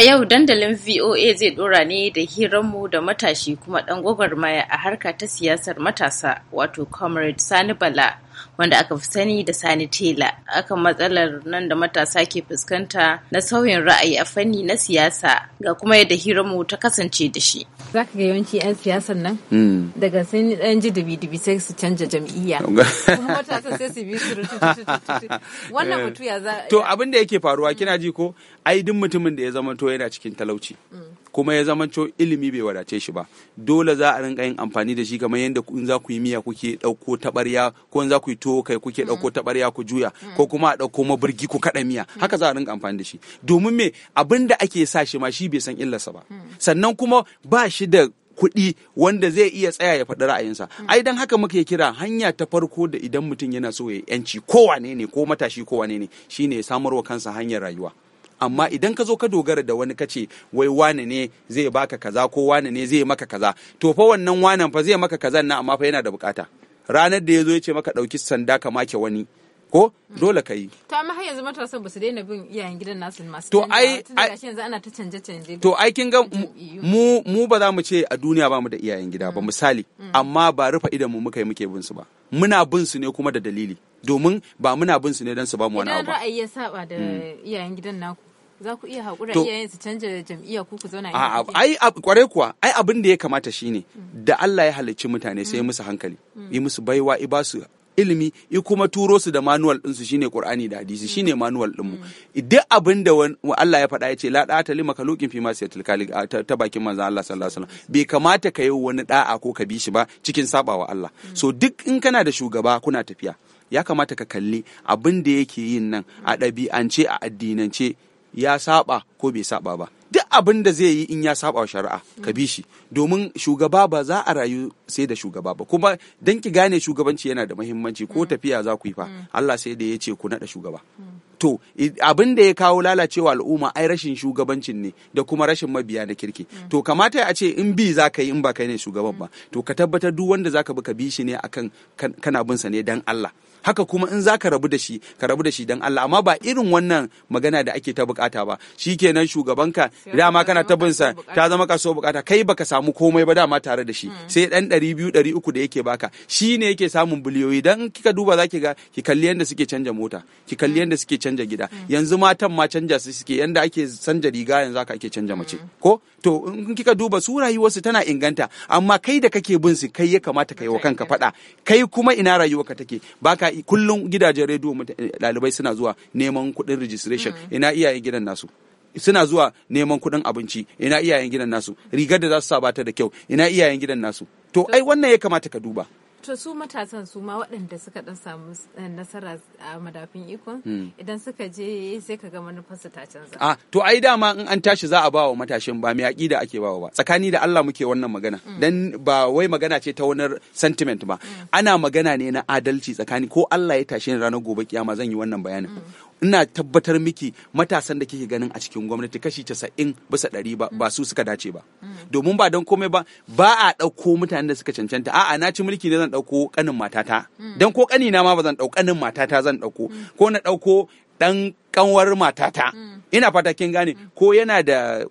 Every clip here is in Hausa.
A yau dandalin VOA zai ɗora ne da hiranmu da matashi kuma ɗan gwagwarmaya a harka ta siyasar matasa wato Comrade Sani Bala wanda aka fi sani da Sani Tela akan matsalar nan da matasa ke fuskanta na sauyin ra'ayi a fanni na siyasa ga kuma yadda hiramu ta kasance da shi. Za ka ga yawanci 'yan siyasan nan hmm. daga sun ɗan ji dubi-dubi sai su canja jam'iyya. Wannan eh. mutu ya za. To abin yake faruwa kina ji ko ai duk mutumin da ya zama to yana cikin talauci. Hmm. kuma ya zama cewa ilimi bai wadace shi ba dole za a rinka yin amfani da shi kamar yadda in za ku yi miya kuke ɗauko taɓarya ko in za ku yi tuwo kai kuke ɗauko mm-hmm. taɓarya ku juya mm. ko kuma a ɗauko mabirgi ku kaɗa miya mm. haka za a rinka amfani da shi domin me abin da ake sa shi ma shi bai san illarsa ba mm. sannan kuma ba shi da kuɗi wanda zai iya tsaya ya faɗi ra'ayinsa ai dan haka muke kira hanya ta farko da idan mutum yana so ya yanci kowane ne ko matashi kowane ne shine ya samarwa kansa hanyar rayuwa amma idan ka zo ka dogara da wani kace wai wane ne zai baka kaza ko wane ne zai maka kaza to fa wannan wanan fa zai maka kaza nan amma fa yana da bukata ranar da ya zo ya ce maka ɗauki sanda ka make wani ko dole ka yi. To amma har yanzu matasa ba su daina bin iyayen gidan nasu masu to ai yanzu ana ta canje canje. To ai kin ga mu mu ba za mu ce a duniya ba mu da iyayen gida ba mm. misali mm. amma ba rufa idan mu muka yi muke bin su ba. Muna bin su ne kuma da dalili domin ba muna bin su ne don su ba mu wani abu. Idan ra'ayi ya saba da mm. iyayen gidan naku za ku iya haƙura iyayen su canja jam'iyya ku ku zauna a ai kuwa ai abin da ya kamata shine mm. da Allah ya halicci mutane sai mm. musu hankali mm. yi musu baiwa i ba su ilimi i kuma turo su da manuwal ɗinsu shine qur'ani da hadisi shine manuwal ɗinmu duk abin da Allah ya faɗa ya ce la ɗata lima ya fi ma ta bakin manzon Allah sallallahu alaihi wasallam bai kamata ka yi wani da'a ko ka bi shi ba cikin sabawa Allah so duk in kana da shugaba kuna tafiya ya kamata ka kalli abin da yake yin nan a ɗabi'ance a addinance ya saba ko bai saba ba duk abin da zai yi in ya saba shari'a ka bi shi domin shugaba ba za a rayu sai da shugaba ba kuma dan ki gane shugabanci yana da muhimmanci ko tafiya za ku yi fa Allah sai da ya ce ku naɗa shugaba to abin da ya kawo lalacewa al'umma ai rashin shugabancin ne da kuma rashin mabiya na kirki to kamata a ce in bi za ka yi in ba kai ne shugaban ba to ka tabbatar duk wanda za ka bi ka bi shi ne akan kana bin sa ne dan Allah haka kuma in za ka rabu da shi ka rabu da shi dan Allah amma ba irin wannan magana da ake ta bukata ba shikenan shugabanka dama kana ta bin sa ta zama so bukata kai baka samu komai ba dama tare da shi hmm. sai dan 200 300 da yake baka shi ne yake samun biliyoyi dan kika duba zaki ga ki kalli yanda suke canja mota ki kalli hmm. yanda suke canja gida hmm. yanzu matan ma canja su suke yanda ake canja riga yanzu haka ake canja mace ko to in kika duba su rayuwarsu tana inganta amma kai da kake bin su kai ya kamata kai wa kanka fada kai kuma ina rayuwarka take baka kullum gidajen rediyo eh, ɗalibai suna zuwa neman kuɗin registration mm. ina iyayen gidan nasu suna zuwa neman kuɗin abinci ina iyayen gidan nasu rigar da za su sa bata da kyau ina iyayen gidan nasu to ai wannan ya kamata ka duba to su matasan su ma waɗanda suka ɗan samu eh, nasara a madafin ikon hmm. idan suka je sai ka ga manufarsu ta canza ah to ai dama in an tashi za a ba wa matashin ba mai aƙida ake ba ba tsakani da Allah muke wannan magana hmm. dan ba wai magana ce ta wani sentiment ba hmm. ana magana ne na adalci tsakani ko Allah ya tashi ranar gobe kiyama zan yi wannan bayanin ina tabbatar miki matasan da kike ganin a cikin gwamnati kashi casa'in bisa ɗari ba su suka dace ba domin ba don komai ba ba a ɗauko mutanen da suka cancanta a'a na ci mulki ne zan ɗauko ƙanin matata hmm. don ko na ma ba zan ɗauko ƙanin matata zan ɗauko hmm. ko na ɗauko ɗan ƙanwar matata hmm. ina fata kin gane ko yana da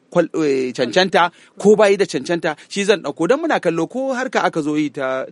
eh, cancanta ko bayi da cancanta shi zan ɗauko don muna kallo ko harka aka zo yi ta,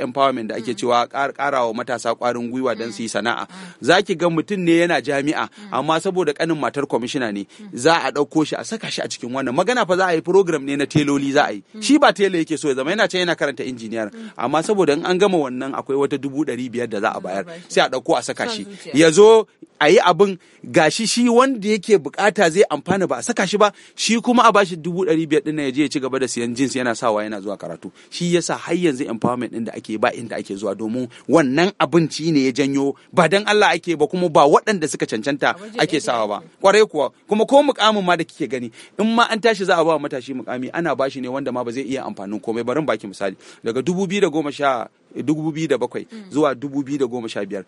empowerment da ake mm. cewa ƙara wa matasa kwarin gwiwa don su yi mm. sana'a mm. za ki ga mutum ne yana jami'a amma saboda ƙanin matar kwamishina ne za a ɗauko shi a saka shi a cikin wannan magana fa za a yi program ne na teloli za a yi shi ba telo yake so ya zama yana can yana karanta injiniyar amma saboda in an gama wannan akwai wata dubu ɗari biyar da za a bayar sai a ɗauko a saka shi ya zo a yi abin gashi shi wanda yake bukata zai amfana ba a saka shi ba shi kuma a bashi dubu ɗari biyar ɗin ya je ya ci gaba da siyan jins yana sawa yana zuwa karatu shi ya sa har yanzu empowerment ɗin da ake ba inda ake zuwa domin wannan abinci ne ya janyo ba dan Allah ake ba kuma ba waɗanda suka cancanta ake sawa ba kwarai kuwa kuma ko mukamin ma da kike gani in ma an tashi za a ba matashi mukami ana bashi ne wanda ma ba zai iya amfanin komai barin baki misali daga dubu biyu da goma sha 2007 mm. zuwa 2015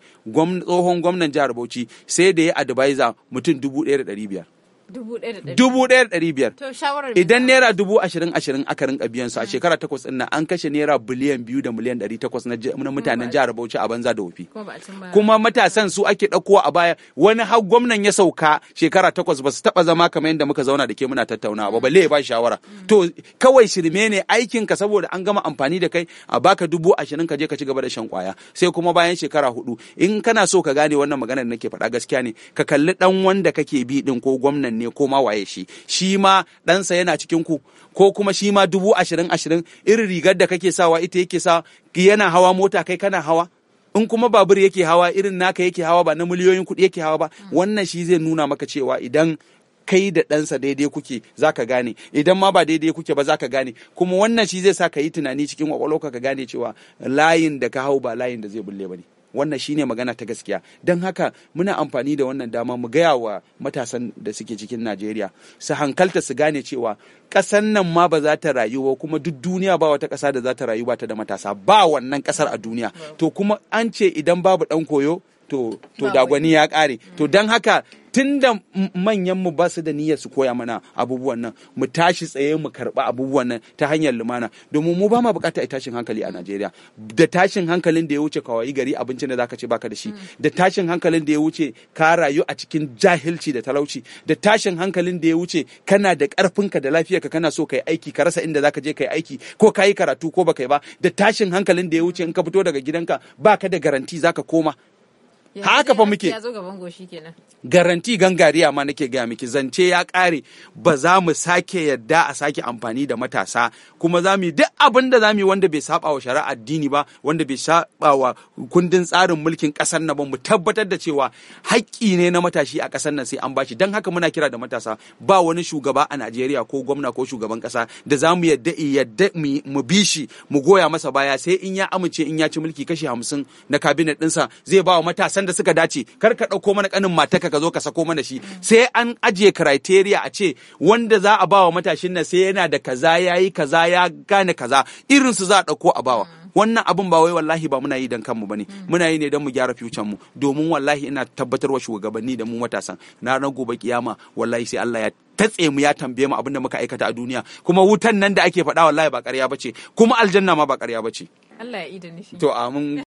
tsohon gwamnan jihar Bauchi sai da ya advisor mutum 1500 dubu da idan naira dubu ashirin ashirin aka rinka biyan su a mm. shekara takwas ɗin nan an kashe naira biliyan biyu da miliyan ɗari takwas na mutanen jihar bauchi a banza da wofi kuma matasan su ake ɗauko a baya wani har gwamnan ya sauka shekara takwas ba su taɓa zama kamar yadda muka zauna da ke muna tattauna ba mm. balle ya ba shawara mm. to kawai shirme ne aikin ka saboda an gama amfani da kai a baka dubu ashirin ka je ka ci gaba da shan kwaya sai kuma bayan shekara hudu in kana so ka gane wannan maganar da nake faɗa gaskiya ne ka kalli ɗan wanda kake bi ɗin ko gwamnan ne ko ma waye shi shi ma ɗansa yana cikin ku ko kuma shi ma dubu ashirin ashirin irin rigar da kake sawa ita yake sa yana hawa mota kai kana hawa in kuma babur yake hawa irin naka yake hawa ba na miliyoyin kuɗi yake hawa ba wannan shi zai nuna maka cewa idan kai da ɗansa daidai kuke za ka gane idan ma ba daidai kuke ba za ka gane kuma wannan shi zai sa ka yi tunani cikin kwakwalwarka ka gane cewa layin da ka hau ba layin da zai bulle ba ne. wannan shine magana ta gaskiya don haka muna amfani da wannan dama mu gaya wa matasan da suke cikin najeriya su hankalta su gane cewa ƙasan nan ma ba za ta rayu ba kuma duk duniya ba wata ƙasa da za ta rayu ba ta da matasa ba wannan ƙasar a duniya to kuma an ce idan babu ɗan koyo to to dagwani ya ƙare to don haka tunda manyan mu ba su da niyyar su koya mana abubuwan nan mu tashi tsaye mu karba abubuwan nan ta hanyar lumana domin mu ba ma bukata a tashin hankali a Najeriya da tashin hankalin da ya wuce kawai gari abinci da zaka ce baka da shi mm. da tashin hankalin da ya wuce ka rayu a cikin jahilci da talauci da tashin hankalin da ya wuce kana da karfinka da lafiyarka kana so kai aiki ka rasa inda zaka je kai aiki ko kayi karatu ko baka yi ba da tashin hankalin da ya wuce in ka fito daga gidanka baka da garanti zaka koma haka fa muke garanti gangariya ma nake gaya miki zance ya kare ba za mu sake yadda a sake amfani da matasa kuma za mu duk abin da za mu yi wanda bai saba wa shari'a addini ba wanda bai saba wa kundin tsarin mulkin kasar nan ba mu tabbatar da cewa haƙƙi ne na matashi a kasar nan sai an bashi dan haka muna kira da matasa ba wani shugaba a Najeriya ko gwamna ko shugaban kasa da za mu yadda yadda mu bi shi mu goya masa baya sai in ya amince in ya ci mulki kashi 50 na kabinet ɗinsa zai ba wa matasa matasan da suka dace kar ka ɗauko mana kanin mataka ka zo ka sako mana shi sai an ajiye criteria a ce wanda za a bawa matashin nan sai yana da kaza yayi kaza ya gane kaza irin su za a ɗauko a bawa mm. wannan abin ba wai wallahi ba muna yi dan kanmu bane mm. muna yi ne dan mu gyara future mu domin wallahi ina tabbatarwa shugabanni da mu matasan na ran gobe kiyama wallahi sai Allah ya tatse mu ya tambaye mu abin da muka aikata a duniya kuma wutan nan da ake faɗa wallahi ba ƙarya bace kuma aljanna ma ba ƙarya bace Allah ya ida nishi to amin